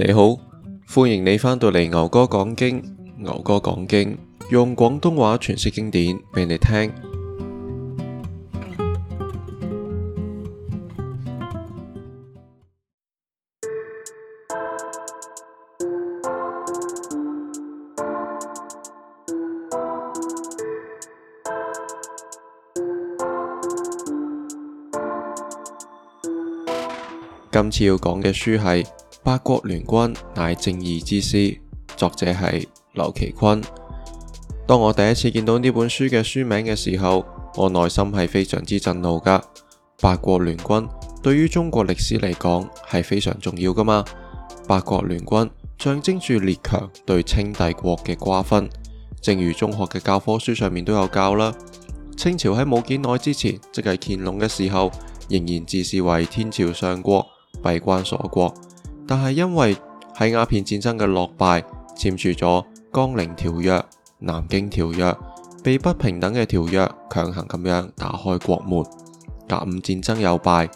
你好，歡迎你翻到嚟牛哥講經。牛哥講經，用廣東話詮釋經典畀你聽。今次要講嘅書係。八國聯軍乃正義之師，作者係劉其坤。當我第一次見到呢本書嘅書名嘅時候，我內心係非常之震怒噶。八國聯軍對於中國歷史嚟講係非常重要噶嘛。八國聯軍象徵住列強對清帝國嘅瓜分，正如中學嘅教科書上面都有教啦。清朝喺冇幾耐之前，即係乾隆嘅時候，仍然自視為天朝上國，閉關鎖國。但係因為喺鴉片戰爭嘅落敗，簽住咗《江寧條約》、《南京條約》，被不平等嘅條約強行咁樣打開國門。甲午戰爭有敗，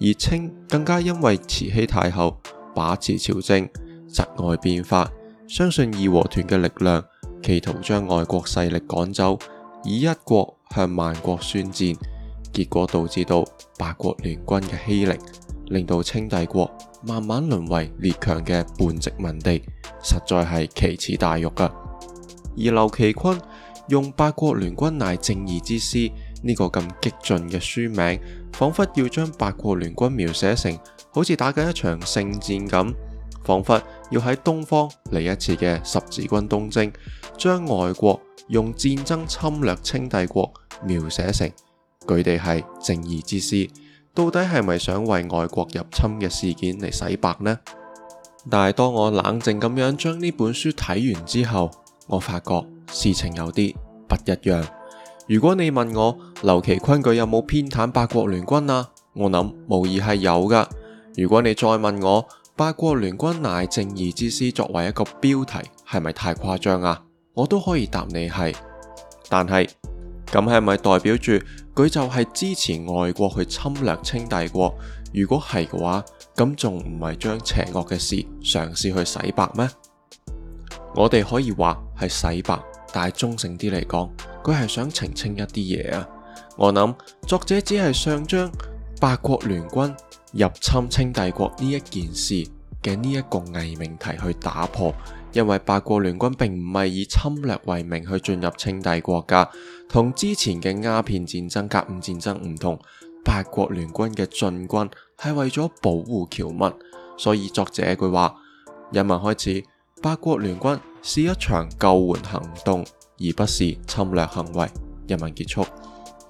而清更加因為慈禧太后把持朝政、窒礙變法，相信義和團嘅力量，企圖將外國勢力趕走，以一國向萬國宣戰，結果導致到八國聯軍嘅欺凌，令到清帝國。慢慢淪為列強嘅半殖民地，實在係奇恥大辱噶。而劉其坤用《八國聯軍乃正義之師》呢個咁激進嘅書名，仿佛要將八國聯軍描寫成好似打緊一場聖戰咁，仿佛要喺東方嚟一次嘅十字軍東征，將外國用戰爭侵略清帝國描寫成佢哋係正義之師。到底係咪想為外國入侵嘅事件嚟洗白呢？但係當我冷靜咁樣將呢本書睇完之後，我發覺事情有啲不一樣。如果你問我劉其坤佢有冇偏袒八國聯軍啊，我諗無疑係有噶。如果你再問我八國聯軍乃正義之師作為一個標題係咪太誇張啊，我都可以答你係。但係咁係咪代表住？佢就係支持外國去侵略清帝國，如果係嘅話，咁仲唔係將邪惡嘅事嘗試去洗白咩？我哋可以話係洗白，但係中性啲嚟講，佢係想澄清一啲嘢啊。我諗作者只係想將八國聯軍入侵清帝國呢一件事嘅呢一個偽命題去打破。因為八國聯軍並唔係以侵略為名去進入清帝國家，同之前嘅鴉片戰爭、甲午戰爭唔同，八國聯軍嘅進軍係為咗保護僑民，所以作者一句話：人民開始，八國聯軍是一場救援行動，而不是侵略行為。人民結束。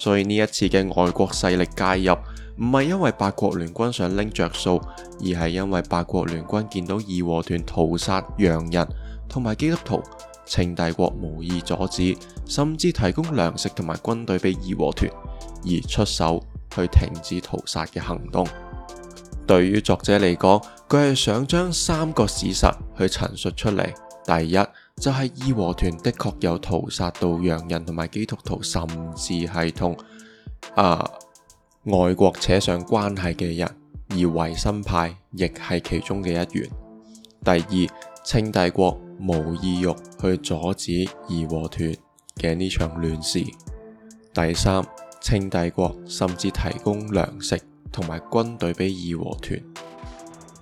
所以呢一次嘅外國勢力介入，唔係因為八國聯軍想拎着數，而係因為八國聯軍見到義和團屠殺洋人同埋基督徒，清帝國無意阻止，甚至提供糧食同埋軍隊俾義和團，而出手去停止屠殺嘅行動。對於作者嚟講，佢係想將三個事實去陳述出嚟。第一。就係義和團的確有屠殺到洋人同埋基督徒，甚至係同啊外國扯上關係嘅人，而維新派亦係其中嘅一員。第二，清帝國無意欲去阻止義和團嘅呢場亂事。第三，清帝國甚至提供糧食同埋軍隊俾義和團。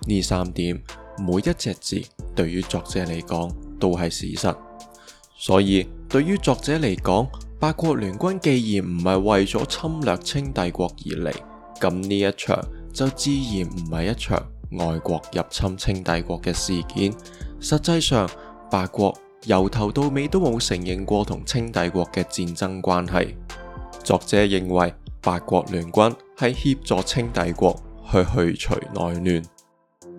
呢三點，每一隻字對於作者嚟講，都係事實，所以對於作者嚟講，八國聯軍既然唔係為咗侵略清帝國而嚟，咁呢一場就自然唔係一場外國入侵清帝國嘅事件。實際上，八國由頭到尾都冇承認過同清帝國嘅戰爭關係。作者認為八國聯軍係協助清帝國去去除內亂。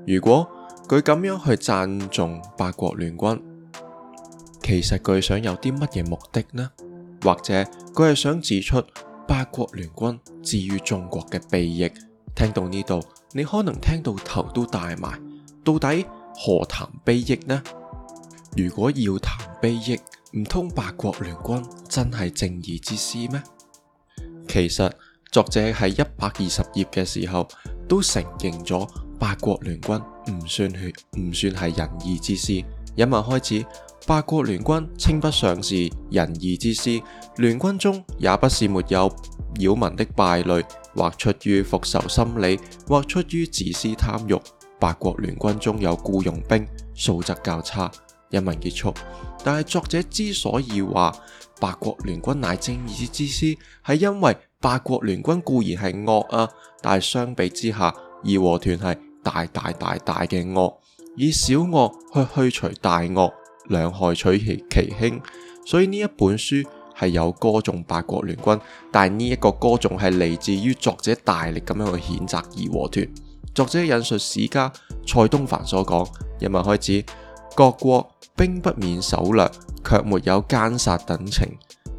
如果佢咁樣去讚頌八國聯軍，其實佢想有啲乜嘢目的呢？或者佢係想指出八國聯軍之於中國嘅裨益？聽到呢度，你可能聽到頭都大埋。到底何談裨益呢？如果要談裨益，唔通八國聯軍真係正義之師咩？其實作者喺一百二十頁嘅時候都承認咗八國聯軍唔算血唔算係仁義之師。有問開始。八國聯軍稱不上是仁義之師，聯軍中也不是沒有擾民的敗類，或出於復仇心理，或出於自私貪欲。八國聯軍中有僱傭兵，素質較差。一文結束，但係作者之所以話八國聯軍乃正義之師，係因為八國聯軍固然係惡啊，但係相比之下，義和團係大大大大嘅惡，以小惡去去除大惡。兩害取其輕，所以呢一本書係有歌頌八國聯軍，但呢一個歌頌係嚟自於作者大力咁樣去譴責義和團。作者引述史家蔡東藩所講，人民開始，各國兵不免搜掠，卻沒有奸殺等情，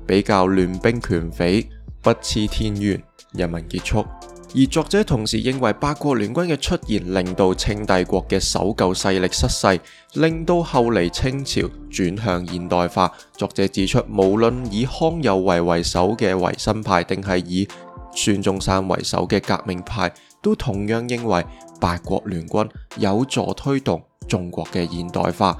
比較亂兵權匪不啻天淵。人民結束。而作者同時認為八國聯軍嘅出現令到清帝國嘅守舊勢力失勢，令到後嚟清朝轉向現代化。作者指出，無論以康有為為首嘅維新派，定係以孫中山為首嘅革命派，都同樣認為八國聯軍有助推動中國嘅現代化。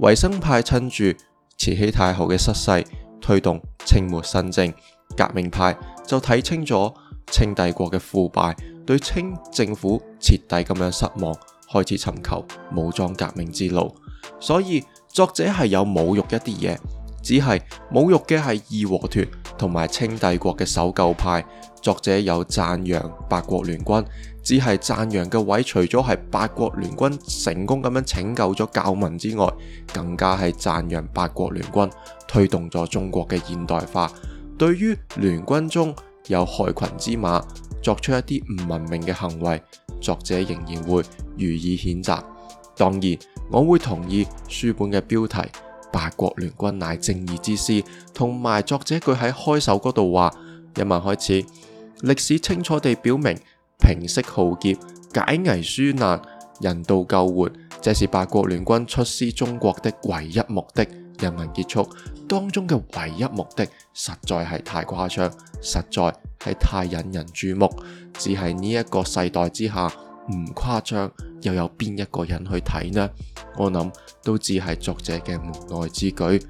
維新派趁住慈禧太后嘅失勢推動清末新政，革命派就睇清咗。清帝國嘅腐敗，對清政府徹底咁樣失望，開始尋求武裝革命之路。所以作者係有侮辱一啲嘢，只係侮辱嘅係義和團同埋清帝國嘅守舊派。作者有讚揚八國聯軍，只係讚揚嘅位除咗係八國聯軍成功咁樣拯救咗教民之外，更加係讚揚八國聯軍推動咗中國嘅現代化。對於聯軍中，有害群之馬作出一啲唔文明嘅行為，作者仍然會予以譴責。當然，我會同意書本嘅標題《八國聯軍乃正義之師》，同埋作者一句喺開首嗰度話：一文開始，歷史清楚地表明，平息浩劫、解危紓難、人道救援，這是八國聯軍出師中國的唯一目的。人民結束。當中嘅唯一目的實在係太誇張，實在係太引人注目。只係呢一個世代之下，唔誇張又有邊一個人去睇呢？我諗都只係作者嘅無奈之舉。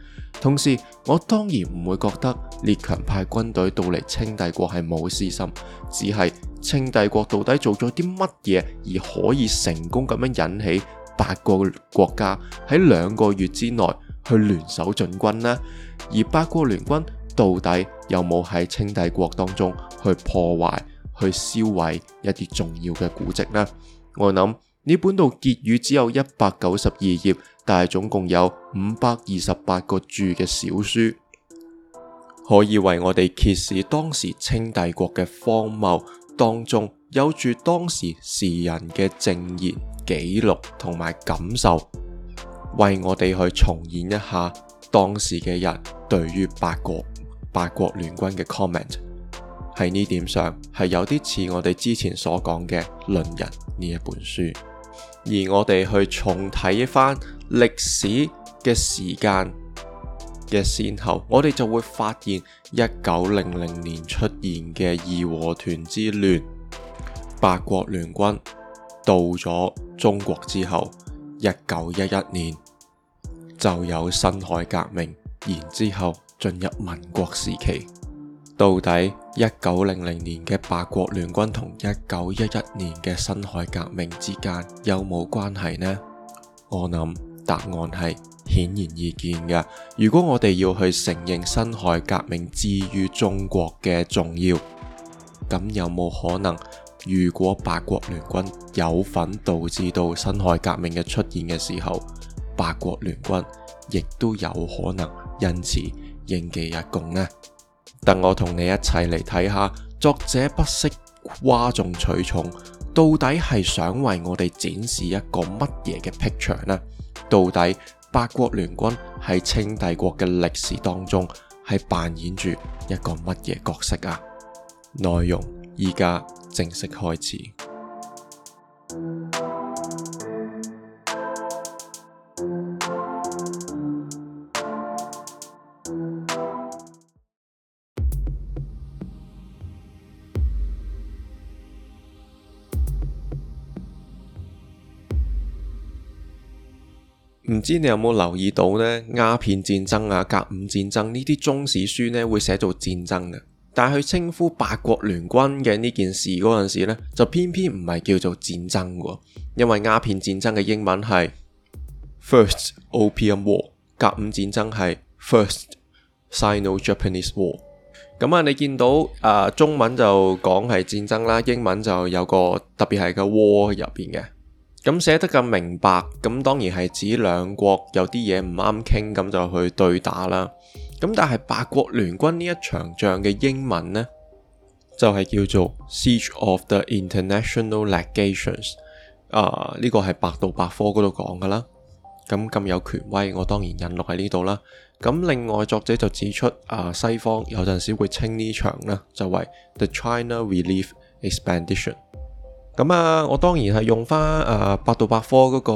同時，我當然唔會覺得列強派軍隊到嚟清帝國係冇私心，只係清帝國到底做咗啲乜嘢而可以成功咁樣引起八個國家喺兩個月之內，去聯手進軍呢？而八國聯軍到底有冇喺清帝國當中去破壞、去銷毀一啲重要嘅古蹟呢？我諗呢本《度結語》只有一百九十二頁，但係總共有五百二十八個註嘅小書，可以為我哋揭示當時清帝國嘅荒謬，當中有住當時時人嘅證言、記錄同埋感受。為我哋去重演一下當時嘅人對於八國八國聯軍嘅 comment，喺呢點上係有啲似我哋之前所講嘅《論人》呢一本書，而我哋去重睇翻歷史嘅時間嘅先後，我哋就會發現一九零零年出現嘅義和團之亂，八國聯軍到咗中國之後，一九一一年。就有辛亥革命，然之後進入民國時期。到底一九零零年嘅八國聯軍同一九一一年嘅辛亥革命之間有冇關係呢？我諗答案係顯然易見嘅。如果我哋要去承認辛亥革命之於中國嘅重要，咁有冇可能？如果八國聯軍有份導致到辛亥革命嘅出現嘅時候？八國聯軍亦都有可能因此應記一功呢？等我同你一齊嚟睇下，作者不惜嘩眾取寵，到底係想為我哋展示一個乜嘢嘅 picture 呢？到底八國聯軍喺清帝國嘅歷史當中，係扮演住一個乜嘢角色啊？內容依家正式開始。唔知你有冇留意到呢？鴉片戰爭啊、甲午戰爭呢啲中史書呢會寫做戰爭嘅，但係佢稱呼八國聯軍嘅呢件事嗰陣時呢，就偏偏唔係叫做戰爭嘅，因為鴉片戰爭嘅英文係 First Opium War，甲午戰爭係 First Sino-Japanese War。咁、嗯、啊，你見到啊、呃、中文就講係戰爭啦，英文就有個特別係個 war 入邊嘅。咁寫得咁明白，咁當然係指兩國有啲嘢唔啱傾，咁就去對打啦。咁但係八國聯軍呢一場仗嘅英文呢，就係、是、叫做 Siege of the International Legations、呃。啊、這個，呢個係百度百科嗰度講噶啦。咁咁有權威，我當然引錄喺呢度啦。咁另外作者就指出，啊、呃、西方有陣時會稱呢場呢，就為 The China Relief Expedition。咁啊、嗯，我當然係用翻誒、呃、百度百科嗰、那個、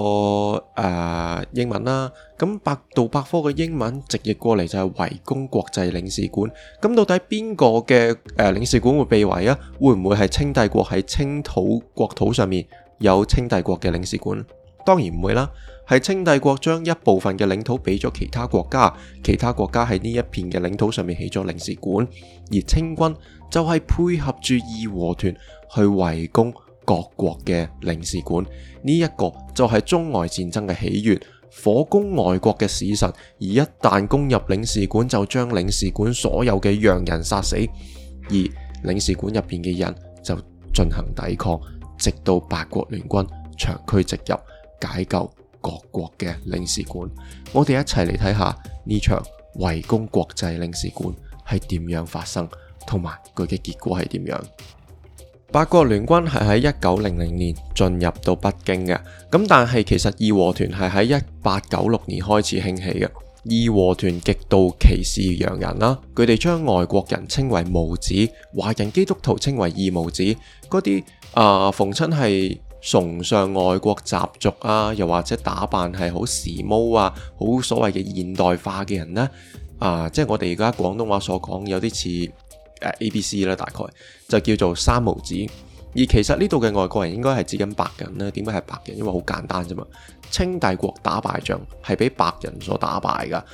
呃、英文啦。咁、嗯、百度百科嘅英文直譯過嚟就係圍攻國際領事館。咁、嗯、到底邊個嘅誒領事館會被圍啊？會唔會係清帝國喺清土國土上面有清帝國嘅領事館？當然唔會啦，係清帝國將一部分嘅領土俾咗其他國家，其他國家喺呢一片嘅領土上面起咗領事館，而清軍就係配合住義和團去圍攻。各國嘅領事館，呢一個就係中外戰爭嘅起源，火攻外國嘅使臣，而一旦攻入領事館，就將領事館所有嘅洋人殺死，而領事館入邊嘅人就進行抵抗，直到八國聯軍長驅直入，解救各國嘅領事館。我哋一齊嚟睇下呢場圍攻國際領事館係點樣發生，同埋佢嘅結果係點樣。八國聯軍係喺一九零零年進入到北京嘅，咁但係其實義和團係喺一八九六年開始興起嘅。義和團極度歧視洋人啦，佢哋將外國人稱為毛子，華人基督徒稱為二毛子，嗰啲啊逢親係崇尚外國習俗啊，又或者打扮係好時髦啊，好所謂嘅現代化嘅人呢。啊、呃，即係我哋而家廣東話所講有啲似。A、B、C 啦，大概就叫做三毛子。而其實呢度嘅外國人應該係指緊白人呢？點解係白人？因為好簡單啫嘛。清帝國打敗仗係俾白人所打敗噶。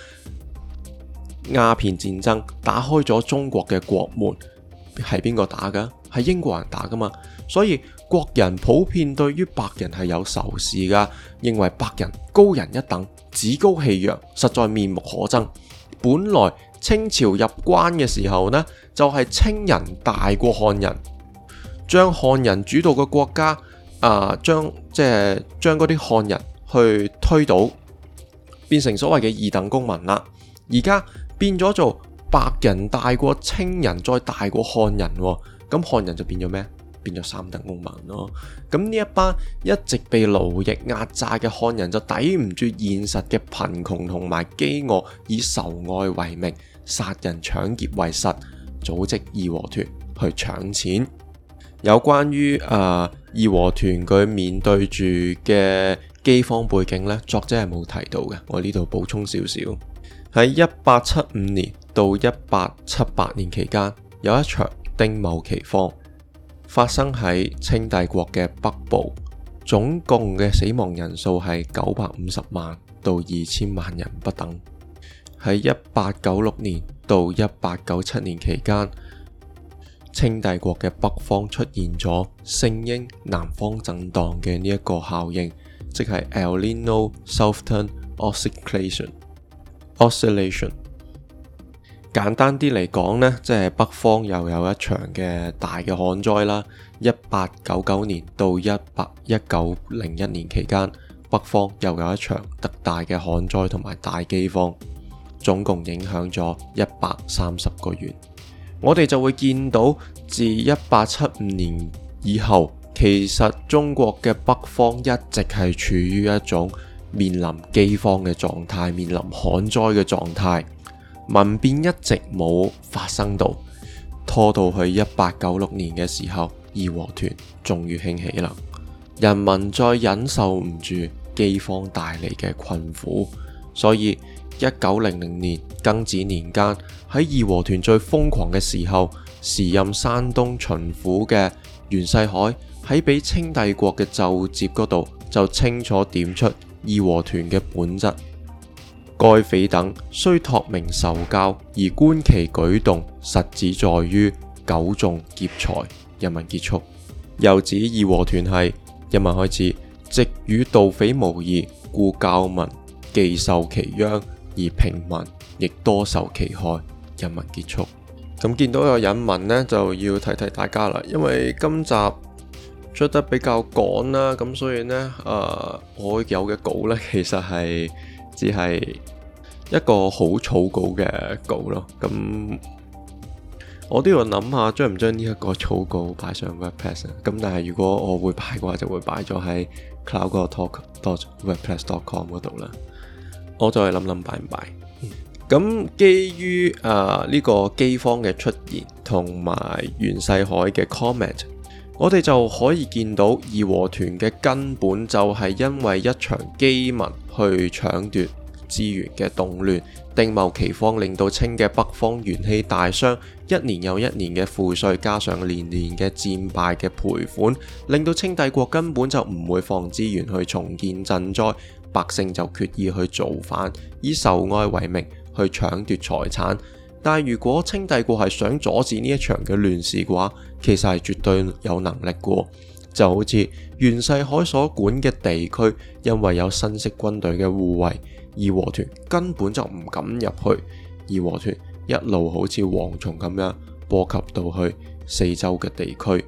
鴉片戰爭打開咗中國嘅國門，係邊個打噶？係英國人打噶嘛。所以國人普遍對於白人係有仇視噶，認為白人高人一等，趾高氣揚，實在面目可憎。本來清朝入關嘅時候呢，就係清人大過漢人，將漢人主導嘅國家，啊、呃，將即係將嗰啲漢人去推倒，變成所謂嘅二等公民啦。而家變咗做白人大過清人，再大過漢人、哦，咁漢人就變咗咩？變咗三等公民咯、哦。咁呢一班一直被奴役壓榨嘅漢人就抵唔住現實嘅貧窮同埋飢餓，以仇愛為名，殺人搶劫為實。組織義和團去搶錢。有關於誒、呃、義和團佢面對住嘅饑荒背景呢，作者係冇提到嘅。我呢度補充少少。喺一八七五年到一八七八年期間，有一場丁戊奇荒發生喺清帝國嘅北部，總共嘅死亡人數係九百五十萬到二千萬人不等。喺一八九六年，到一八九七年期間，清帝國嘅北方出現咗聖嬰南方震盪嘅呢一個效應，即係 El Nino Southern Oscillation。Oscillation 簡單啲嚟講呢，即係北方又有一場嘅大嘅旱災啦。一八九九年到一八一九零一年期間，北方又有一場特大嘅旱災同埋大饑荒。總共影響咗一百三十個月。我哋就會見到，自一八七五年以後，其實中國嘅北方一直係處於一種面臨饑荒嘅狀態，面臨旱災嘅狀態，民變一直冇發生到，拖到去一八九六年嘅時候，義和團終於興起啦，人民再忍受唔住饑荒帶嚟嘅困苦，所以。一九零零年庚子年間喺義和團最瘋狂嘅時候，時任山東巡撫嘅袁世凱喺俾清帝國嘅奏折嗰度就清楚點出義和團嘅本質。該匪等雖託名受教，而觀其舉動，實只在於九眾劫財。人民結束又指義和團係人民開始，直與盜匪無異，故教民既受其殃。而平民亦多受其害。引文結束。咁見到有引文咧，就要提提大家啦。因為今集出得比較趕啦，咁所以咧，誒、呃，我有嘅稿咧，其實係只係一個好草稿嘅稿咯。咁我都要諗下，將唔將呢一個草稿擺上 WordPress？咁但係如果我會擺嘅話，就會擺咗喺 cowgortalk.wordpress.com 嗰度啦。我再諗諗，擺唔擺？咁基於啊呢、這個飢荒嘅出現，同埋袁世凱嘅 comment，我哋就可以見到義和團嘅根本就係因為一場饑民去搶奪資源嘅動亂，丁戊奇荒令到清嘅北方元氣大傷。一年又一年嘅賦稅，加上年年嘅戰敗嘅賠款，令到清帝國根本就唔會放資源去重建賑災。百姓就決意去造反，以受愛為名去搶奪財產。但如果清帝國係想阻止呢一場嘅亂事嘅話，其實係絕對有能力嘅。就好似袁世凱所管嘅地區，因為有新式軍隊嘅護衛，義和團根本就唔敢入去。義和團一路好似蝗蟲咁樣波及到去四周嘅地區。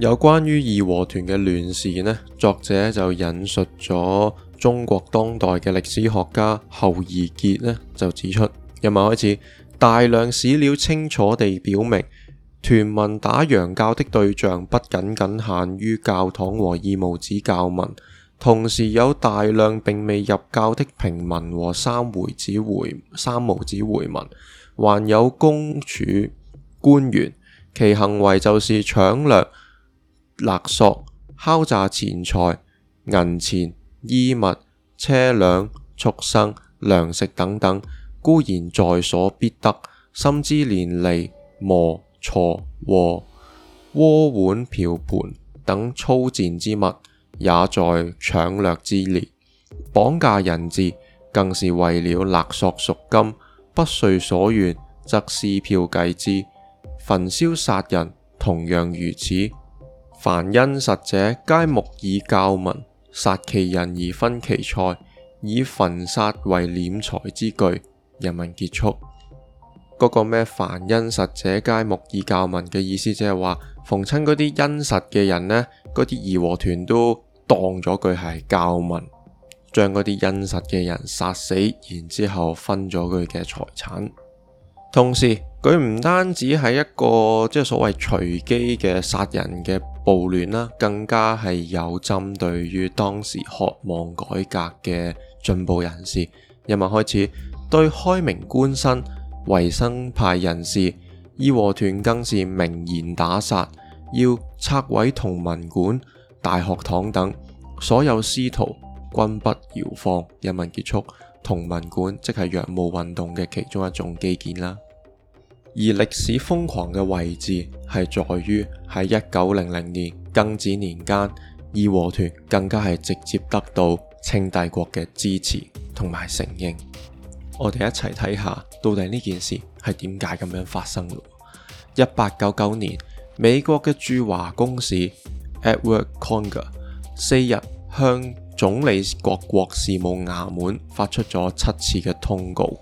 有關於義和團嘅亂事呢？作者就引述咗中國當代嘅歷史學家侯宜杰呢，就指出：，日文開始， 大量史料清楚地表明，團民打洋教的對象不僅僅限於教堂和二毛子教民，同時有大量並未入教的平民和三回子回、三毛子回民，還有公署官員，其行為就是搶掠。勒索、敲詐錢財、銀錢、衣物、車輛、畜生、糧食等等，固然在所必得，甚至連利磨、鋤和鍋碗瓢盆等粗賤之物，也在搶掠之列。綁架人質更是為了勒索贖金，不遂所願則撕票計之。焚燒殺人同樣如此。凡殷實者，皆目以教民，殺其人而分其財，以焚殺為斂財之具。人民結束嗰、那個咩？凡殷實者，皆目以教民嘅意思就，即係話逢親嗰啲殷實嘅人呢，嗰啲義和團都當咗佢係教民，將嗰啲殷實嘅人殺死，然之後分咗佢嘅財產。同時，佢唔單止係一個即係、就是、所謂隨機嘅殺人嘅。暴亂啦，更加係有針對於當時渴望改革嘅進步人士，人民開始對開明官身、維新派人士，義和團更是明言打殺，要拆毀同文館、大學堂等，所有師徒均不饒放。人民結束同文館，即係洋務運動嘅其中一種基建啦。而歷史瘋狂嘅位置係在於喺一九零零年庚子年間，義和團更加係直接得到清帝國嘅支持同埋承認。我哋一齊睇下，到底呢件事係點解咁樣發生嘅？一八九九年，美國嘅駐華公使 Edward Conger 四日向總理國國事務衙門發出咗七次嘅通告。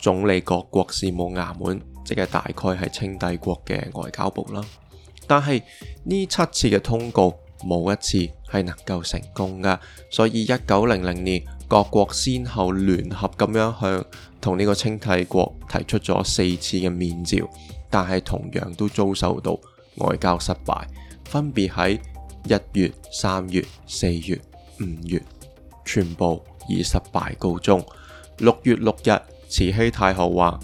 總理國國事務衙門。即係大概係清帝國嘅外交部啦，但係呢七次嘅通告冇一次係能夠成功噶，所以一九零零年各國先後聯合咁樣向同呢個清帝國提出咗四次嘅面召，但係同樣都遭受到外交失敗，分別喺一月、三月、四月、五月，全部以失敗告終。六月六日，慈禧太后話。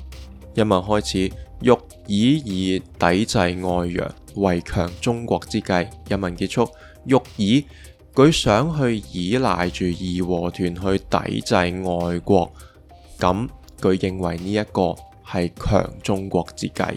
引文開始，欲以以抵制外洋，為強中國之計。引文結束，欲以佢想去倚賴住義和團去抵制外國，咁佢認為呢一個係強中國之計。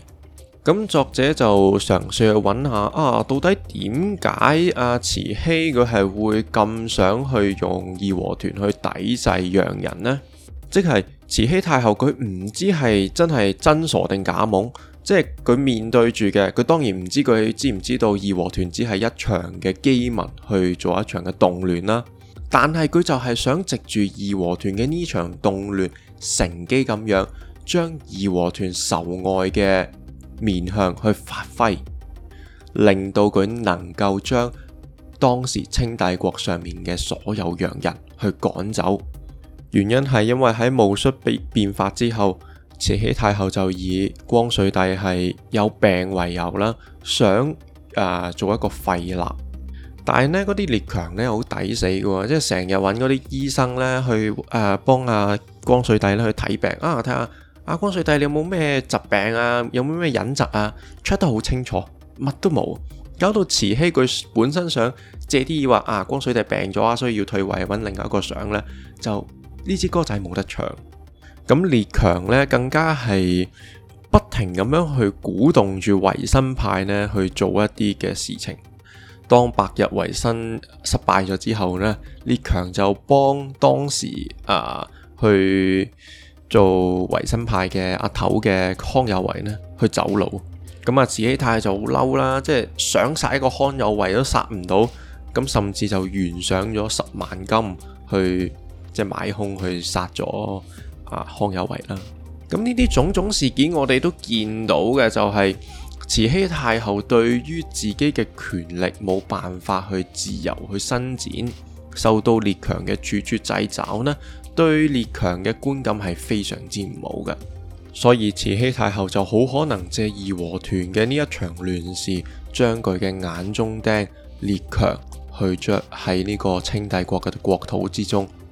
咁作者就嘗試去揾下啊，到底點解阿慈禧佢係會咁想去用義和團去抵制洋人呢？即係。慈禧太后佢唔知係真係真傻定假懵，即係佢面對住嘅，佢當然唔知佢知唔知道義和團只係一場嘅機密去做一場嘅動亂啦。但係佢就係想藉住義和團嘅呢場動亂乘機咁樣，將義和團仇外嘅面向去發揮，令到佢能夠將當時清帝國上面嘅所有洋人去趕走。原因係因為喺戊戌變變法之後，慈禧太后就以光緒帝係有病為由啦，想啊、呃、做一個廢立。但係呢嗰啲列強呢，好抵死嘅喎，即係成日揾嗰啲醫生呢去誒、呃、幫阿、啊、光緒帝去睇病啊，睇下阿光緒帝你有冇咩疾病啊，有冇咩隱疾啊，check 得好清楚，乜都冇，搞到慈禧佢本身想借啲意話啊，光緒帝病咗啊，所以要退位揾另一個相呢，就。呢支歌仔冇得唱。咁列強咧更加係不停咁樣去鼓動住維新派呢去做一啲嘅事情。當百日維新失敗咗之後呢，列強就幫當時啊去做維新派嘅阿頭嘅康有為呢去走佬。咁啊，慈禧太后就好嬲啦，即係想殺一個康有為都殺唔到，咁甚至就懸賞咗十萬金去。即係買空去殺咗啊，康有為啦、啊，咁呢啲種種事件，我哋都見到嘅就係慈禧太后對於自己嘅權力冇辦法去自由去伸展，受到列強嘅處處掣肘呢，對列強嘅觀感係非常之唔好嘅。所以慈禧太后就好可能借義和團嘅呢一場亂事，將佢嘅眼中釘——列強去着喺呢個清帝國嘅國土之中。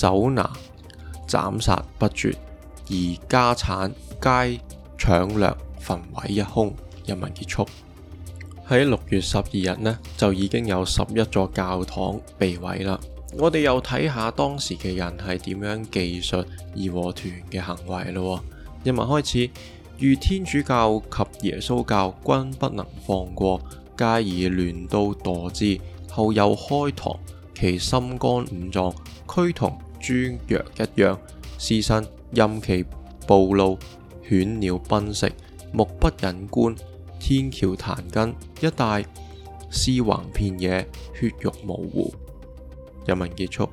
手拿斬殺不絕，而家產皆搶掠焚毀一空。引文結束。喺六月十二日呢，就已經有十一座教堂被毀啦。我哋又睇下當時嘅人係點樣記述義和團嘅行為咯。引文開始，遇天主教及耶穌教均不能放過，皆以亂刀剁之，後又開膛。」其心肝五臟，軀同豬藥一樣，屍身任其暴露，犬鳥奔食，目不忍觀，天橋壇根一帶屍橫遍野，血肉模糊。引文結束，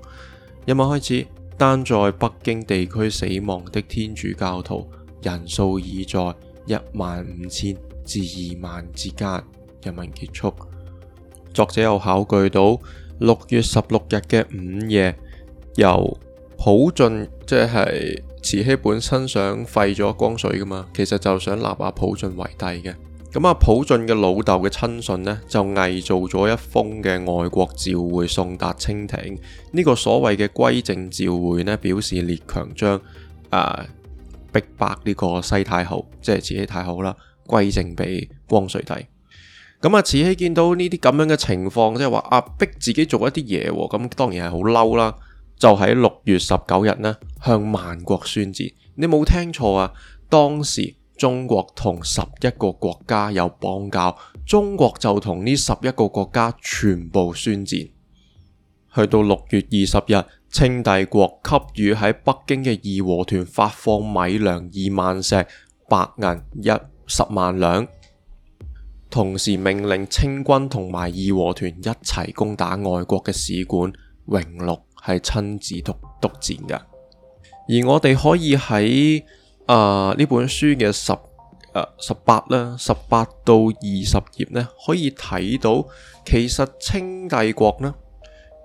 引文開始，單在北京地區死亡的天主教徒人數已在一萬五千至二萬之間。引文結束，作者又考據到。六月十六日嘅午夜，由溥俊即係、就是、慈禧本身想廢咗光緒㗎嘛，其實就想立阿溥俊為帝嘅。咁阿溥俊嘅老豆嘅親信呢，就偽造咗一封嘅外國照會，送達清廷，呢、這個所謂嘅歸政照會呢，表示列強將啊逼、呃、迫呢個西太后，即係慈禧太后啦，歸政俾光緒帝。咁啊、嗯，慈禧見到呢啲咁樣嘅情況，即係話啊逼自己做一啲嘢、哦，咁、嗯、當然係好嬲啦。就喺六月十九日呢，向萬國宣戰。你冇聽錯啊，當時中國同十一個國家有邦交，中國就同呢十一個國家全部宣戰。去到六月二十日，清帝國給予喺北京嘅義和團發放米糧二萬石、白銀一十萬兩。同時命令清軍同埋義和團一齊攻打外國嘅使館，榮祿係親自督督戰嘅。而我哋可以喺啊呢本書嘅十、呃、十八咧，十八到二十頁咧，可以睇到其實清帝國咧，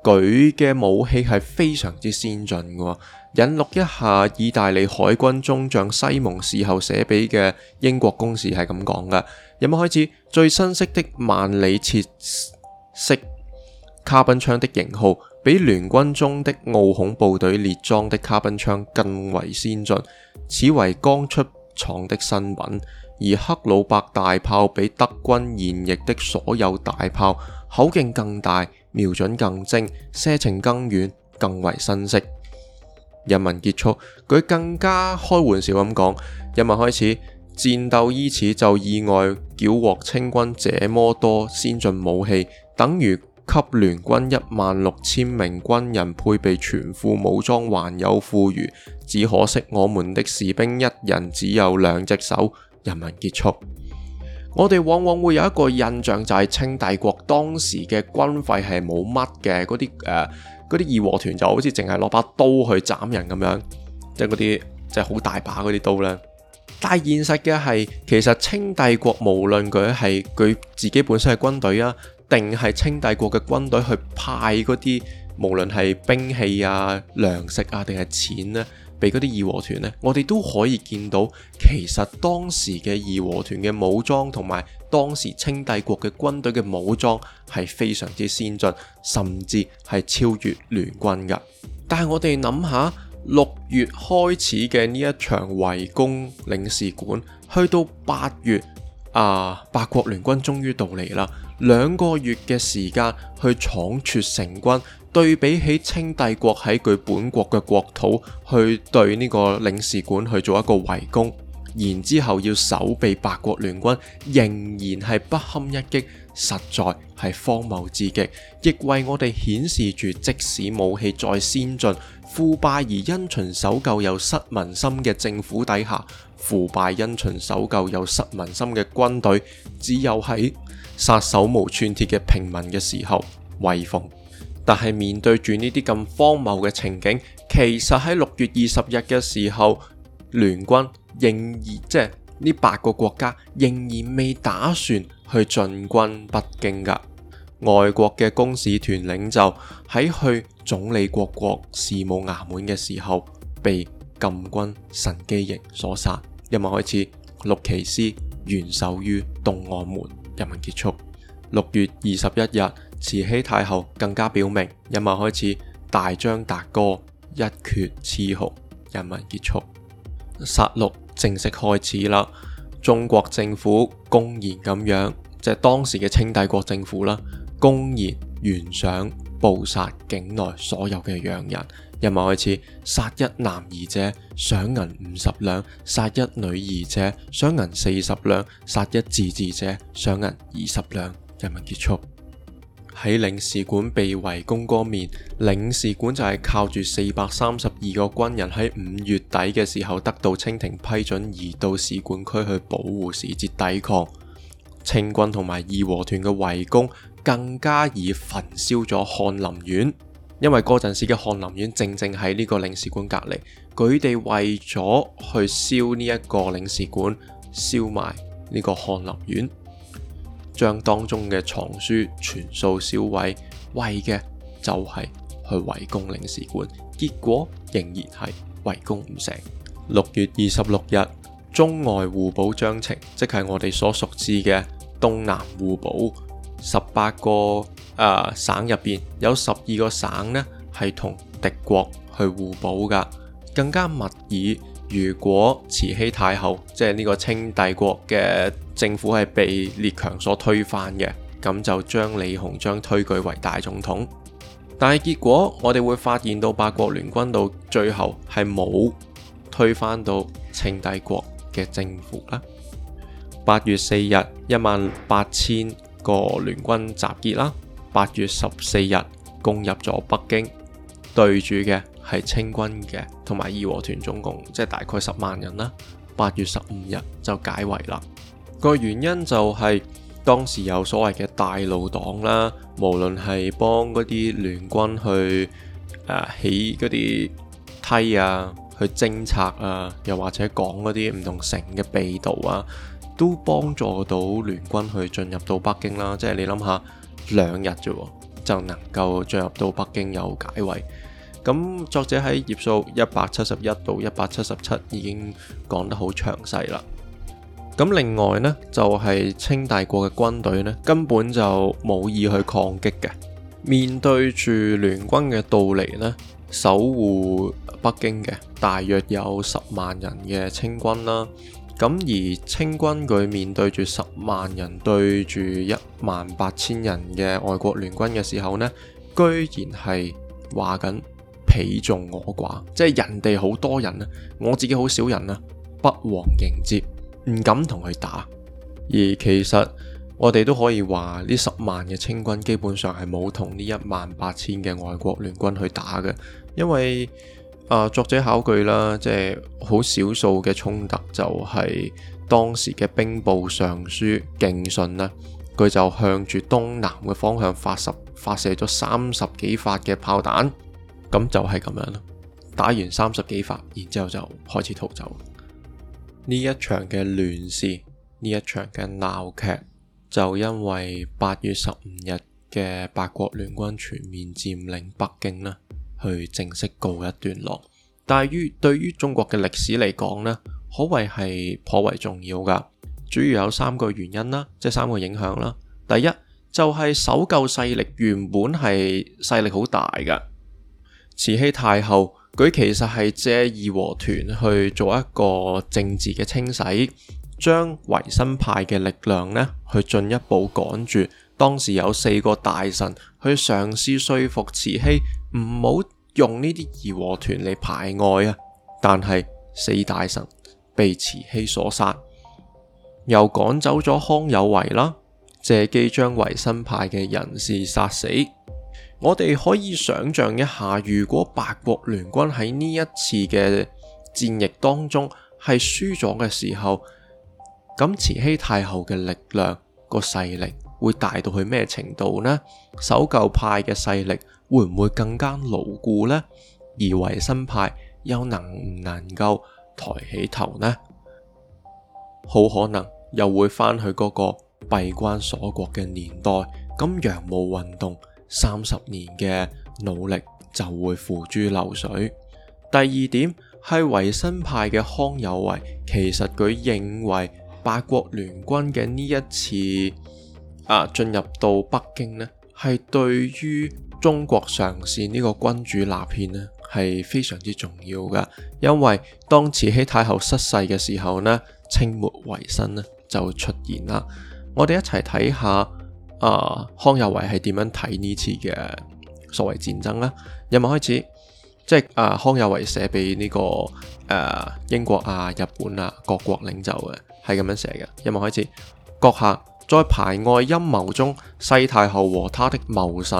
佢嘅武器係非常之先進嘅。引錄一下意大利海軍中將西蒙事後寫俾嘅英國公使係咁講嘅。有冇開始，最新式的曼里切式卡賓槍的型號，比聯軍中的奧匈部隊列裝的卡賓槍更為先進。此為剛出廠的新品，而克魯伯大炮比德軍現役的所有大炮口徑更大，瞄準更精，射程更遠，更為新式。人民結束，佢更加開玩笑咁講：人民開始戰鬥，伊始就意外繳獲清軍這麼多先進武器，等於給聯軍一萬六千名軍人配備全副武裝，還有富餘。只可惜我們的士兵一人只有兩隻手。人民結束，我哋往往會有一個印象就係、是、清帝國當時嘅軍費係冇乜嘅，嗰啲誒。Uh, 嗰啲義和團就好似淨係攞把刀去斬人咁樣，即係嗰啲即係好大把嗰啲刀咧。但係現實嘅係，其實清帝國無論佢係佢自己本身係軍隊啊，定係清帝國嘅軍隊去派嗰啲，無論係兵器啊、糧食啊，定係錢呢、啊，俾嗰啲義和團呢，我哋都可以見到，其實當時嘅義和團嘅武裝同埋當時清帝國嘅軍隊嘅武裝係非常之先進，甚至係超越聯軍嘅。但係我哋諗下，六月開始嘅呢一場圍攻領事館，去到八月啊，八國聯軍終於到嚟啦，兩個月嘅時間去搶奪成軍。對比起清帝國喺佢本國嘅國土去對呢個領事館去做一個圍攻，然之後要守備八國聯軍，仍然係不堪一擊，實在係荒謬至極，亦為我哋顯示住即使武器再先進，腐敗而因循守舊又失民心嘅政府底下，腐敗因循守舊又失民心嘅軍隊，只有喺殺手無寸鐵嘅平民嘅時候威風。但係面對住呢啲咁荒謬嘅情景，其實喺六月二十日嘅時候，聯軍仍然即係呢八個國家仍然未打算去進軍北京㗎。外國嘅公使團領袖喺去總理各國，國事務衙門嘅時候被禁軍神機營所殺。引文開始，六旗師援守於東安門。引文結束，六月二十一日。慈禧太後更加表明，引文開始：「大張撻伐」、「一決雌雄」。引文結束。殺戮正式開始啦。中國政府公然咁樣，即係當時嘅清帝國政府啦，公然懸賞捕殺境內所有嘅洋人。引文開始：殺一男夷者賞銀五十兩，殺一女夷者賞銀四十兩，殺一稚子者賞銀二十兩。引文結束。喺領事館被圍攻嗰面，領事館就係靠住四百三十二個軍人喺五月底嘅時候得到清廷批准，移到使館區去保護使節抵抗清軍同埋義和團嘅圍攻，更加以焚燒咗翰林院，因為嗰陣時嘅翰林院正正喺呢個領事館隔籬，佢哋為咗去燒呢一個領事館，燒埋呢個翰林院。將當中嘅藏書全數燒毀，為嘅就係去圍攻領事館，結果仍然係圍攻唔成。六月二十六日，中外互保章程，即係我哋所熟知嘅東南互保，十八個誒省入邊有十二個省呢係同敵國去互保噶更加密矣。如果慈禧太后即係呢個清帝國嘅政府係被列強所推翻嘅，咁就將李鴻章推舉為大總統。但係結果，我哋會發現到八國聯軍到最後係冇推翻到清帝國嘅政府啦。八月四日，一萬八千個聯軍集結啦。八月十四日，攻入咗北京，對住嘅。係清軍嘅，同埋義和團總共即係大概十萬人啦。八月十五日就解圍啦。個原因就係、是、當時有所謂嘅帶路黨啦，無論係幫嗰啲聯軍去誒、啊、起嗰啲梯啊，去偵察啊，又或者講嗰啲唔同城嘅秘道啊，都幫助到聯軍去進入到北京啦。即係你諗下，兩日啫，就能夠進入到北京又解圍。咁作者喺頁數一百七十一到一百七十七已經講得好詳細啦。咁另外呢，就係清大國嘅軍隊呢，根本就冇意去抗擊嘅。面對住聯軍嘅到嚟呢，守護北京嘅大約有十萬人嘅清軍啦。咁而清軍佢面對住十萬人對住一萬八千人嘅外國聯軍嘅時候呢，居然係話緊。彼眾我寡，即係人哋好多人啊，我自己好少人啊，不遑迎接，唔敢同佢打。而其實我哋都可以話，呢十萬嘅清軍基本上係冇同呢一萬八千嘅外國聯軍去打嘅，因為啊、呃，作者考據啦，即係好少數嘅衝突就係當時嘅兵部尚書敬信咧，佢就向住東南嘅方向發射發射咗三十幾發嘅炮彈。咁就係咁樣啦。打完三十幾發，然之後就開始逃走。呢一場嘅亂事，呢一場嘅鬧劇，就因為八月十五日嘅八國聯軍全面佔領北京呢，去正式告一段落。但係於對於中國嘅歷史嚟講呢，可謂係頗為重要噶。主要有三個原因啦，即係三個影響啦。第一，就係守舊勢力原本係勢力好大噶。慈禧太后，佢其實係借義和團去做一個政治嘅清洗，將維新派嘅力量呢去進一步趕絕。當時有四個大臣去嘗試說服慈禧唔好用呢啲義和團嚟排外啊，但係四大臣被慈禧所殺，又趕走咗康有為啦，借機將維新派嘅人士殺死。我哋可以想象一下，如果八國聯軍喺呢一次嘅戰役當中係輸咗嘅時候，咁慈禧太后嘅力量、個勢力會大到去咩程度呢？守舊派嘅勢力會唔會更加牢固呢？而維新派又能唔能夠抬起頭呢？好可能又會翻去嗰個閉關鎖國嘅年代，咁洋務運動。三十年嘅努力就會付諸流水。第二點係維新派嘅康有為，其實佢認為八國聯軍嘅呢一次啊進入到北京呢，係對於中國嘗試呢個君主立憲呢係非常之重要嘅，因為當慈禧太后失勢嘅時候呢，清末維新呢就出現啦。我哋一齊睇下。啊，康有為係點樣睇呢次嘅所謂戰爭呢？一萬開始，即係啊，康有為寫俾呢個誒、啊、英國啊、日本啊各國領袖嘅係咁樣寫嘅。一萬開始，閣下在排外陰謀中，西太后和她的謀臣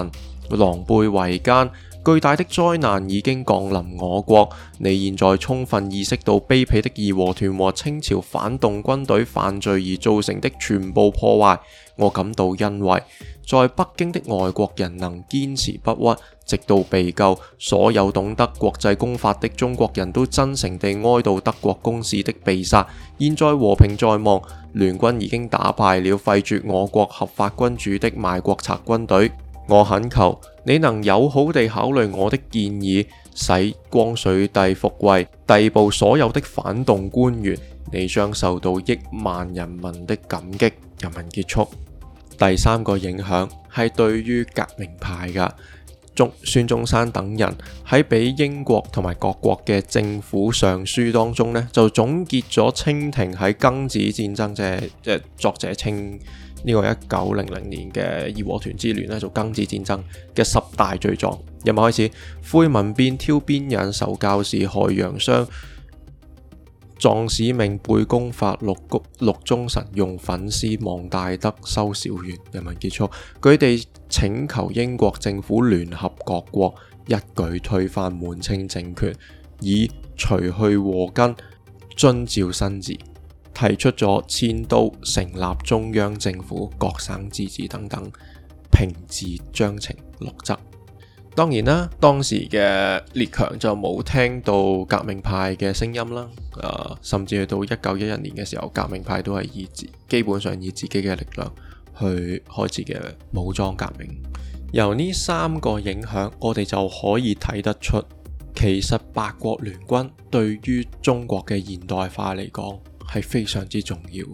狼狽為奸，巨大的災難已經降臨我國。你現在充分意識到卑鄙的義和團和清朝反動軍隊犯罪而造成的全部破壞。我感到欣慰，在北京的外國人能堅持不屈，直到被救。所有懂得國際公法的中國人都真誠地哀悼德國公使的被殺。現在和平在望，聯軍已經打敗了廢絕我國合法君主的賣國賊軍隊。我懇求你能友好地考慮我的建議，使光緒帝復位，逮捕所有的反動官員。你將受到億萬人民的感激。人民結束。第三個影響係對於革命派嘅中孫中山等人喺俾英國同埋各國嘅政府上書當中咧，就總結咗清廷喺庚子戰爭即係作者稱呢個一九零零年嘅義和團之亂咧做庚子戰爭嘅十大罪狀。一開始，灰民變挑邊人，受教士害洋商。壯使命背公法六，六谷六宗神用粉絲望大德，修小願。人民結束，佢哋請求英國政府聯合各國一舉推翻滿清政權，以除去禍根，遵照新治，提出咗遷都、成立中央政府、各省自治等等平治章程六則。當然啦，當時嘅列強就冇聽到革命派嘅聲音啦，啊，甚至去到一九一一年嘅時候，革命派都係以自基本上以自己嘅力量去開始嘅武裝革命。由呢三個影響，我哋就可以睇得出，其實八國聯軍對於中國嘅現代化嚟講係非常之重要，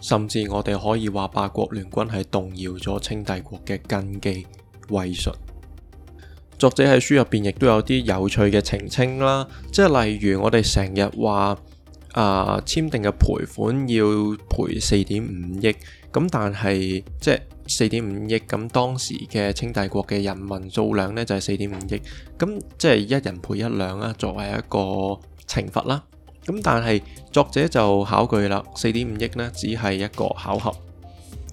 甚至我哋可以話八國聯軍係動搖咗清帝國嘅根基威信。作者喺書入邊亦都有啲有趣嘅澄清啦，即係例如我哋成日話啊簽訂嘅賠款要賠四點五億，咁但係即係四點五億咁當時嘅清帝國嘅人民數量呢，就係四點五億，咁即係一人賠一兩啦，作為一個懲罰啦。咁但係作者就考據啦，四點五億呢，只係一個巧合。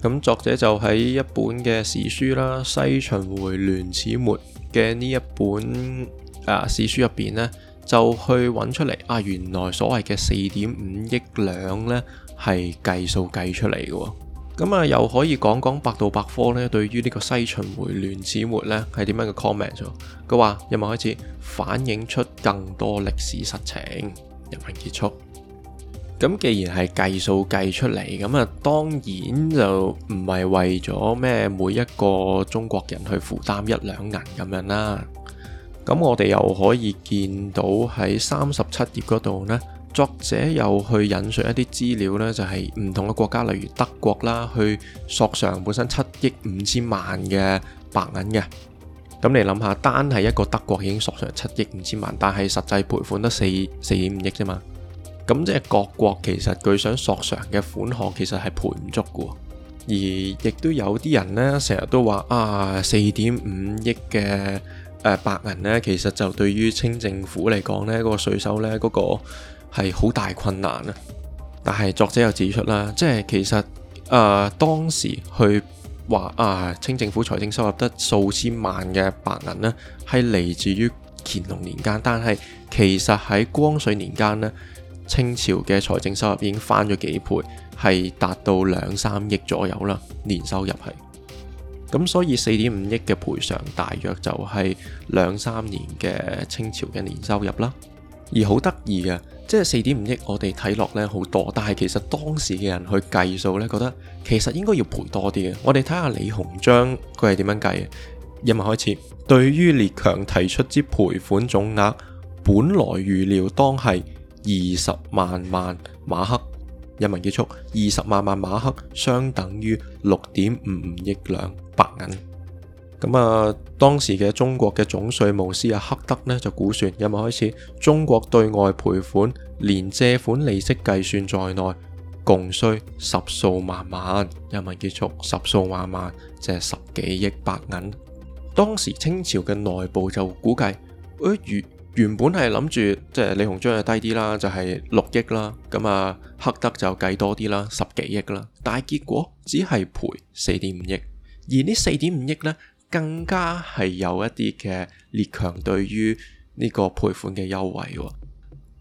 咁作者就喺一本嘅史書啦，《西秦回亂始末》。嘅呢一本啊、呃、史書入邊呢，就去揾出嚟啊，原來所謂嘅四點五億兩呢係計數計出嚟嘅。咁、嗯、啊，又可以講講百度百科呢對於呢個西秦回亂始末呢係點樣嘅 comment 咗？佢話有冇開始反映出更多歷史實情。人民結束。咁既然係計數計出嚟，咁啊當然就唔係為咗咩每一個中國人去負擔一兩銀咁樣啦。咁我哋又可以見到喺三十七頁嗰度呢，作者又去引述一啲資料呢，就係唔同嘅國家，例如德國啦，去索償本身七億五千萬嘅白銀嘅。咁你諗下，單係一個德國已經索償七億五千萬，但係實際賠款得四四點五億啫嘛。咁即係各國其實佢想索償嘅款項，其實係賠唔足嘅。而亦都有啲人呢，成日都話啊，四點五億嘅誒、呃、白銀呢，其實就對於清政府嚟講咧，嗰個稅收呢，嗰、嗰個係好大困難啊。但係作者又指出啦，即係其實誒、呃、當時去話啊，清政府財政收入得數千萬嘅白銀呢，係嚟自於乾隆年間，但係其實喺光緒年間呢。清朝嘅財政收入已經翻咗幾倍，係達到兩三億左右啦。年收入係咁，所以四點五億嘅賠償大約就係兩三年嘅清朝嘅年收入啦。而好得意啊，即係四點五億，我哋睇落呢好多，但係其實當時嘅人去計數呢，覺得其實應該要賠多啲嘅。我哋睇下李鴻章佢係點樣計嘅。因為開始，對於列強提出之賠款總額，本來預料當係，二十萬萬馬克，引文結束。二十萬萬馬克相等於六點五五億兩白銀。咁啊，當時嘅中國嘅總稅務司阿赫德呢就估算，引文開始，中國對外賠款，連借款利息計算在內，共需十數萬萬。引文結束，十數萬萬即係十幾億白銀。當時清朝嘅內部就估計，呃，如。原本係諗住即係李鴻章就低啲啦，就係六億啦，咁啊赫德就計多啲啦，十幾億啦，但係結果只係賠四點五億，而呢四點五億呢，更加係有一啲嘅列強對於呢個賠款嘅優惠喎，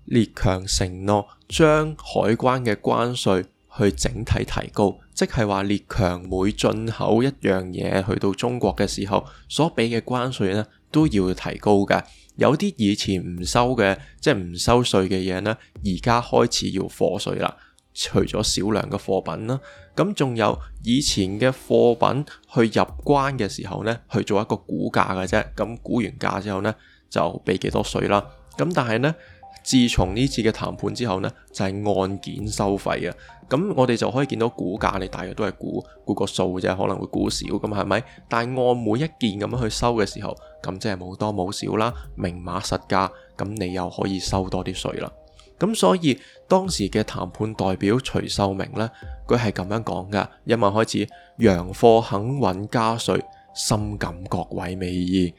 列強承諾將海關嘅關稅去整體提高，即係話列強每進口一樣嘢去到中國嘅時候所俾嘅關稅呢。都要提高嘅，有啲以前唔收嘅，即係唔收稅嘅嘢呢，而家開始要課稅啦。除咗少量嘅貨品啦，咁仲有以前嘅貨品去入關嘅時候呢，去做一個估價嘅啫。咁估完價之後呢，就俾幾多稅啦。咁但係呢，自從呢次嘅談判之後呢，就係按件收費嘅。咁我哋就可以見到估價，你大概都係估估個數啫，可能會估少咁啊，係咪？但係按每一件咁樣去收嘅時候。咁即係冇多冇少啦，明碼實價，咁你又可以收多啲稅啦。咁所以當時嘅談判代表徐秀明呢，佢係咁樣講噶：一問開始，洋貨肯允加稅，深感各位美意。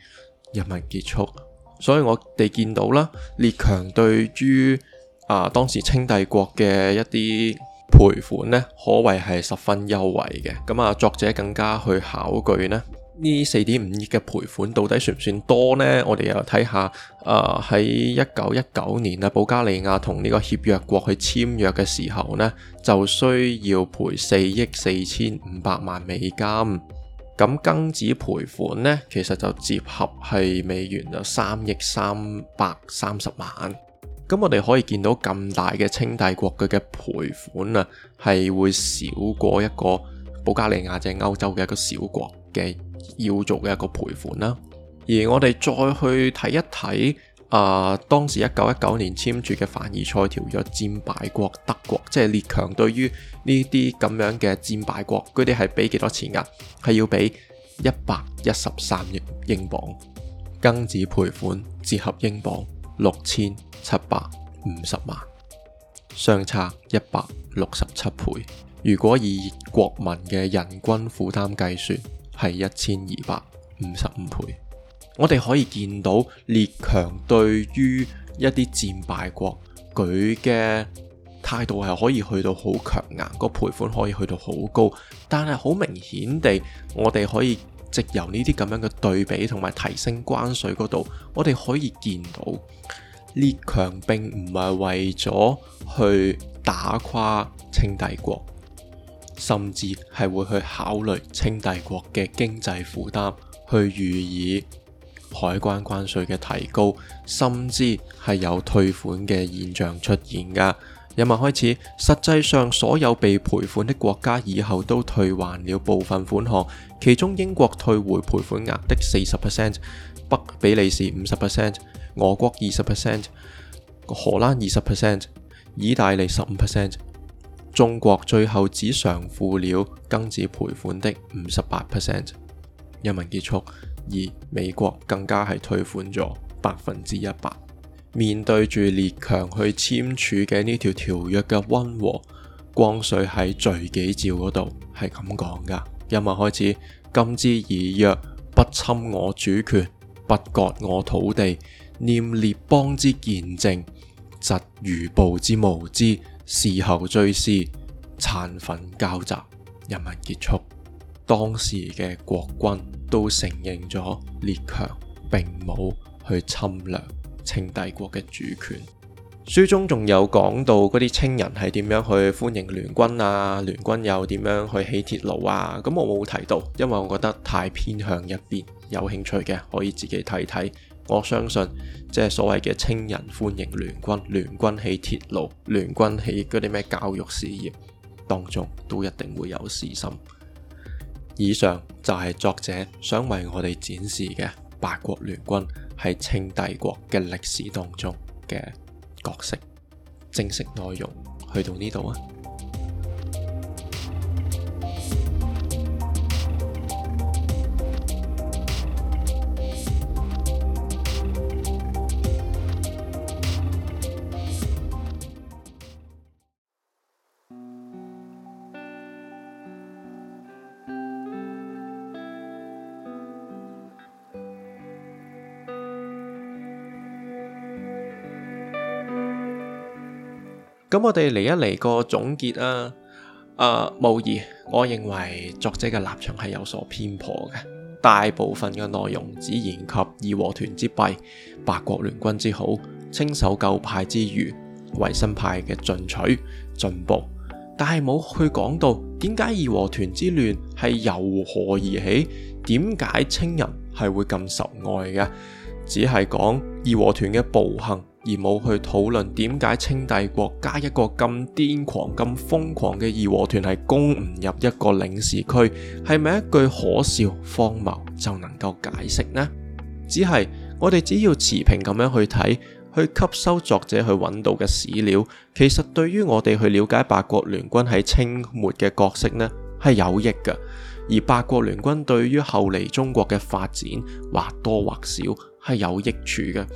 一問結束，所以我哋見到啦，列強對於啊當時清帝國嘅一啲賠款呢，可謂係十分優惠嘅。咁啊，作者更加去考據呢？呢四點五億嘅賠款到底算唔算多呢？我哋又睇下，啊喺一九一九年啊，保加利亞同呢個協約國去簽約嘅時候呢就需要賠四億四千五百萬美金。咁庚子賠款呢，其實就折合係美元就三億三百三十萬。咁我哋可以見到咁大嘅清帝國佢嘅賠款啊，係會少過一個保加利亞，即係歐洲嘅一個小國嘅。要做嘅一個賠款啦，而我哋再去睇一睇啊、呃，當時一九一九年簽署嘅凡爾賽條約戰敗國德國，即係列強對於呢啲咁樣嘅戰敗國，佢哋係俾幾多錢噶、啊？係要俾一百一十三億英鎊，庚子賠款，折合英鎊六千七百五十萬，6, 750, 000，相差一百六十七倍。如果以國民嘅人均負擔計算。係一千二百五十五倍，我哋可以見到列強對於一啲戰敗國佢嘅態度係可以去到好強硬，個賠款可以去到好高，但係好明顯地，我哋可以藉由呢啲咁樣嘅對比同埋提升關稅嗰度，我哋可以見到列強並唔係為咗去打垮清帝國。甚至係會去考慮清帝國嘅經濟負擔，去予以海關關稅嘅提高，甚至係有退款嘅現象出現噶。今日開始，實際上所有被賠款的國家以後都退還了部分款項，其中英國退回賠款額的四十 percent，北比利時五十 percent，俄國二十 percent，荷蘭二十 percent，意大利十五 percent。中國最後只償付了庚子賠款的五十八 percent，引文結束，而美國更加係退款咗百分之一百。面對住列強去簽署嘅呢條條約嘅温和，光緒喺《罪己詔》嗰度係咁講噶。引文開始，今之已約，不侵我主權，不割我土地，念列邦之見證，疾愚暴之無知。事後追思，慘憤交集，人民結束。當時嘅國軍都承認咗，列強並冇去侵略清帝國嘅主權。書中仲有講到嗰啲清人係點樣去歡迎聯軍啊，聯軍又點樣去起鐵路啊，咁我冇提到，因為我覺得太偏向一邊。有興趣嘅可以自己睇睇。我相信即係所謂嘅清人歡迎聯軍，聯軍起鐵路，聯軍起嗰啲咩教育事業當中，都一定會有私心。以上就係作者想為我哋展示嘅八國聯軍喺清帝國嘅歷史當中嘅角色。正式內容去到呢度啊！咁我哋嚟一嚟個總結啊，啊、呃，無疑我認為作者嘅立場係有所偏頗嘅。大部分嘅內容只言及義和團之弊、八國聯軍之好、清守舊派之愚、維新派嘅進取進步，但係冇去講到點解義和團之亂係由何而起，點解清人係會咁受愛嘅，只係講義和團嘅暴行。而冇去討論點解清帝國加一個咁癲狂、咁瘋狂嘅義和團係攻唔入一個領事區，係咪一句可笑荒謬就能夠解釋呢？只係我哋只要持平咁樣去睇，去吸收作者去揾到嘅史料，其實對於我哋去了解八國聯軍喺清末嘅角色呢，係有益㗎，而八國聯軍對於後嚟，中國嘅發展，或多或少係有益處嘅。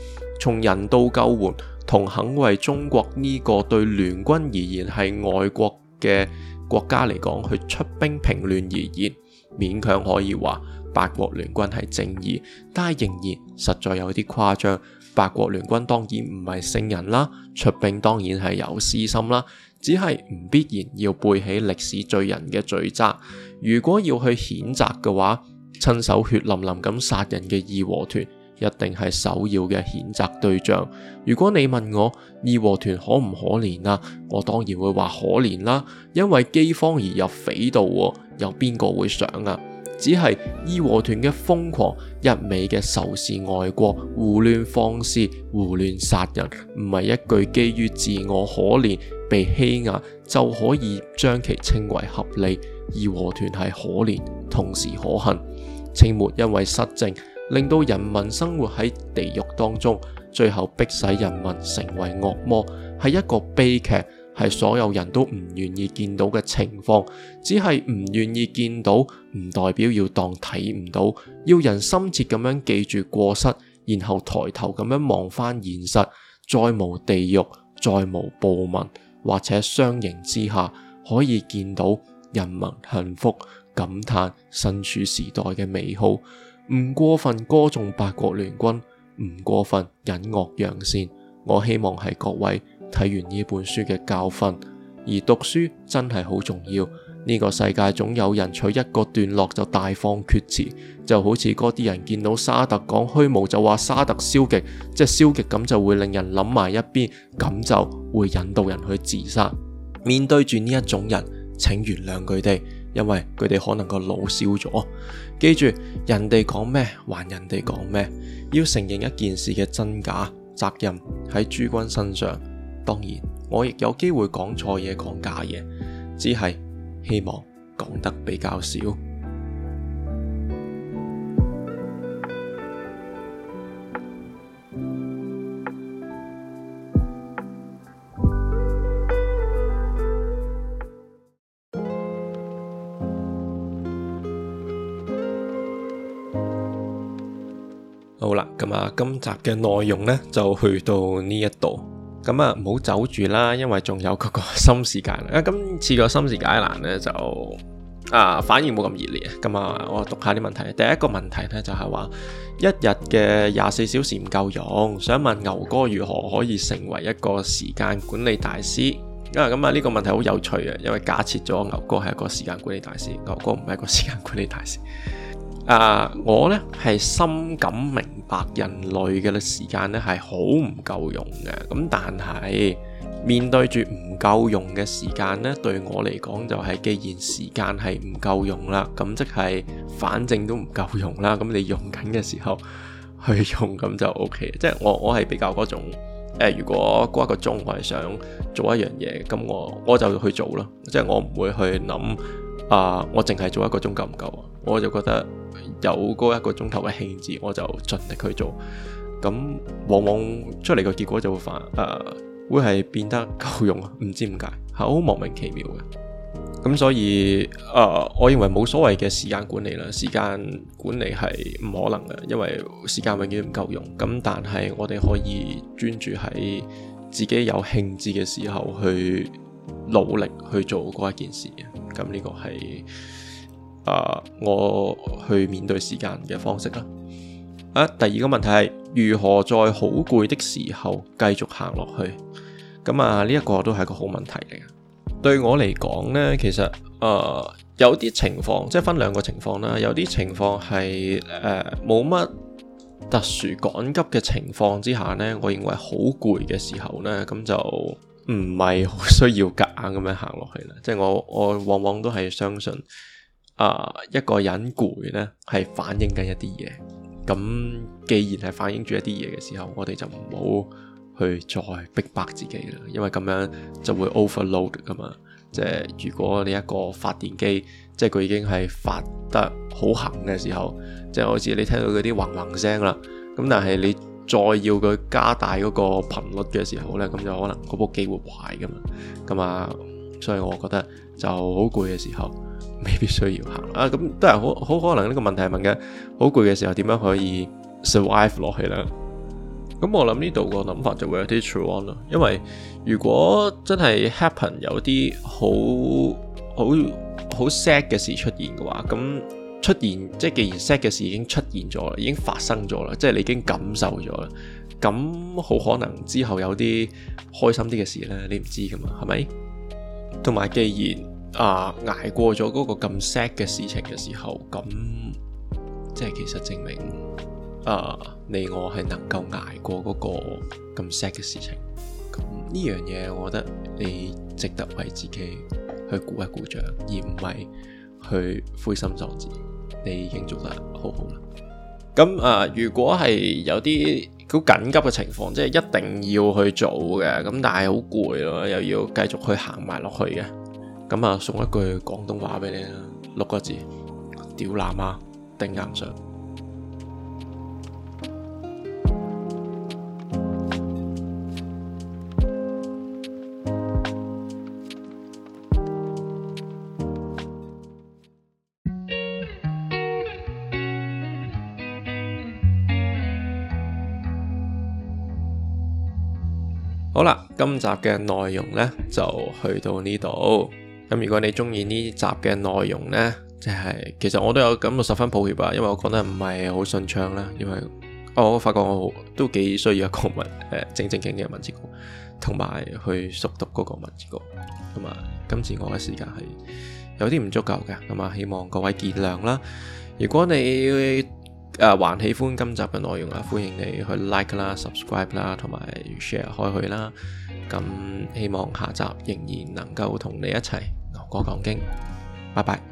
從人道救援同肯為中國呢個對聯軍而言係外國嘅國家嚟講去出兵平亂而言，勉強可以話八國聯軍係正義，但係仍然實在有啲誇張。八國聯軍當然唔係聖人啦，出兵當然係有私心啦，只係唔必然要背起歷史罪人嘅罪責。如果要去譴責嘅話，親手血淋淋咁殺人嘅義和團。一定係首要嘅譴責對象。如果你問我義和團可唔可憐啊？我當然會話可憐啦，啊。因為饑荒而入匪道，啊，有邊個會想啊？只係義和團嘅瘋狂一味嘅仇視外國、胡亂放肆、胡亂殺人，唔係一句基於自我可憐被欺壓就可以將其稱為合理。義和團係可憐，同時可恨。清末因為失政。令到人民生活喺地獄當中，最後迫使人民成為惡魔，係一個悲劇，係所有人都唔願意見到嘅情況。只係唔願意見到，唔代表要當睇唔到。要人深切咁樣記住過失，然後抬頭咁樣望翻現實，再無地獄，再無暴民，或者相迎之下可以見到人民幸福，感嘆身處時代嘅美好。唔過分歌頌八國聯軍，唔過分隱惡揚善。我希望係各位睇完呢本書嘅教訓，而讀書真係好重要。呢、這個世界總有人取一個段落就大放厥詞，就好似嗰啲人見到沙特講虛無就話沙特消極，即係消極咁就會令人諗埋一邊，咁就會引導人去自殺。面對住呢一種人，請原諒佢哋。因為佢哋可能個腦燒咗，記住人哋講咩還人哋講咩，要承認一件事嘅真假，責任喺諸君身上。當然，我亦有機會講錯嘢講假嘢，只係希望講得比較少。好啦，咁啊，今集嘅內容呢就去到呢一度，咁、嗯、啊，唔好走住啦，因為仲有嗰個，個心事解難啊。今次個心事解難呢，就啊，反而冇咁熱烈啊。咁、嗯、啊，我讀下啲問題。第一個問題呢，就係、是、話，一日嘅廿四小時唔夠用，想問牛哥如何可以成為一個時間管理大師？啊、嗯，咁、嗯、啊，呢、這個問題好有趣啊，因為假設咗牛哥係一個時間管理大師，牛哥唔係一個時間管理大師。啊，uh, 我咧係深感明白人類嘅咧時間咧係好唔夠用嘅，咁但係面對住唔夠用嘅時間咧，對我嚟講就係既然時間係唔夠用啦，咁即係反正都唔夠用啦，咁你用緊嘅時候去用咁就 OK，即係我我係比較嗰種，呃，如果嗰一個鐘我係想做一樣嘢，咁我我就去做啦，即係我唔會去諗。啊！Uh, 我淨係做一個鐘夠唔夠啊？我就覺得有嗰一個鐘頭嘅興致，我就盡力去做。咁往往出嚟嘅結果就會發，誒、uh,，會係變得夠用啊？唔知點解，好莫名其妙嘅。咁所以，誒、uh,，我認為冇所謂嘅時間管理啦，時間管理係唔可能嘅，因為時間永遠唔夠用。咁但係我哋可以專注喺自己有興致嘅時候去努力去做嗰一件事咁呢個係啊、呃，我去面對時間嘅方式啦。啊，第二個問題係如何在好攰嘅時候繼續行落去？咁啊，呢、這、一個都係一個好問題嚟嘅。對我嚟講呢，其實誒、呃、有啲情況，即係分兩個情況啦。有啲情況係誒冇乜特殊趕急嘅情況之下呢，我認為好攰嘅時候呢，咁就。唔係好需要夾硬咁樣行落去啦，即係我我往往都係相信，啊、呃、一個人攰咧係反映緊一啲嘢，咁既然係反映住一啲嘢嘅時候，我哋就唔好去再逼迫自己啦，因為咁樣就會 overload 噶嘛。即係如果你一個發電機，即係佢已經係發得好行嘅時候，即係好似你聽到嗰啲嗡嗡聲啦，咁但係你。再要佢加大嗰個頻率嘅時候呢，咁就可能嗰部機會壞㗎嘛，咁啊，所以我覺得就好攰嘅時候，未必需要行啊。咁都係好好可能呢個問題問嘅，好攰嘅時候點樣可以 survive 落去呢？咁我諗呢度個諗法就會有啲 true on 咯，因為如果真係 happen 有啲好好好 sad 嘅事出現嘅話，咁。出現即係，既然 sad 嘅事已經出現咗啦，已經發生咗啦，即係你已經感受咗啦，咁好可能之後有啲開心啲嘅事咧，你唔知㗎嘛，係咪？同埋，既然啊捱過咗嗰個咁 sad 嘅事情嘅時候，咁即係其實證明啊你我係能夠捱過嗰個咁 sad 嘅事情。咁呢樣嘢，我覺得你值得為自己去鼓一鼓掌，而唔係去灰心喪志。你已經做得好好啦，咁啊、呃，如果係有啲好緊急嘅情況，即係一定要去做嘅，咁但係好攰咯，又要繼續去行埋落去嘅，咁啊、呃，送一句廣東話俾你啦，六個字：屌那媽啊，頂硬上！今集嘅內容呢，就去到呢度。咁如果你中意呢集嘅內容呢，即係其實我都有感到十分抱歉吧，因為我講得唔係好順暢啦。因為我發覺我都幾需要一個文誒、呃、正正經嘅文字稿，同埋去熟讀嗰個文字稿。咁啊，今次我嘅時間係有啲唔足夠嘅。咁啊，希望各位見諒啦。如果你誒還喜歡今集嘅內容啊，歡迎你去 like 啦、subscribe 啦、同埋 share 開去啦。咁希望下集仍然能夠同你一齊牛哥講經，拜拜。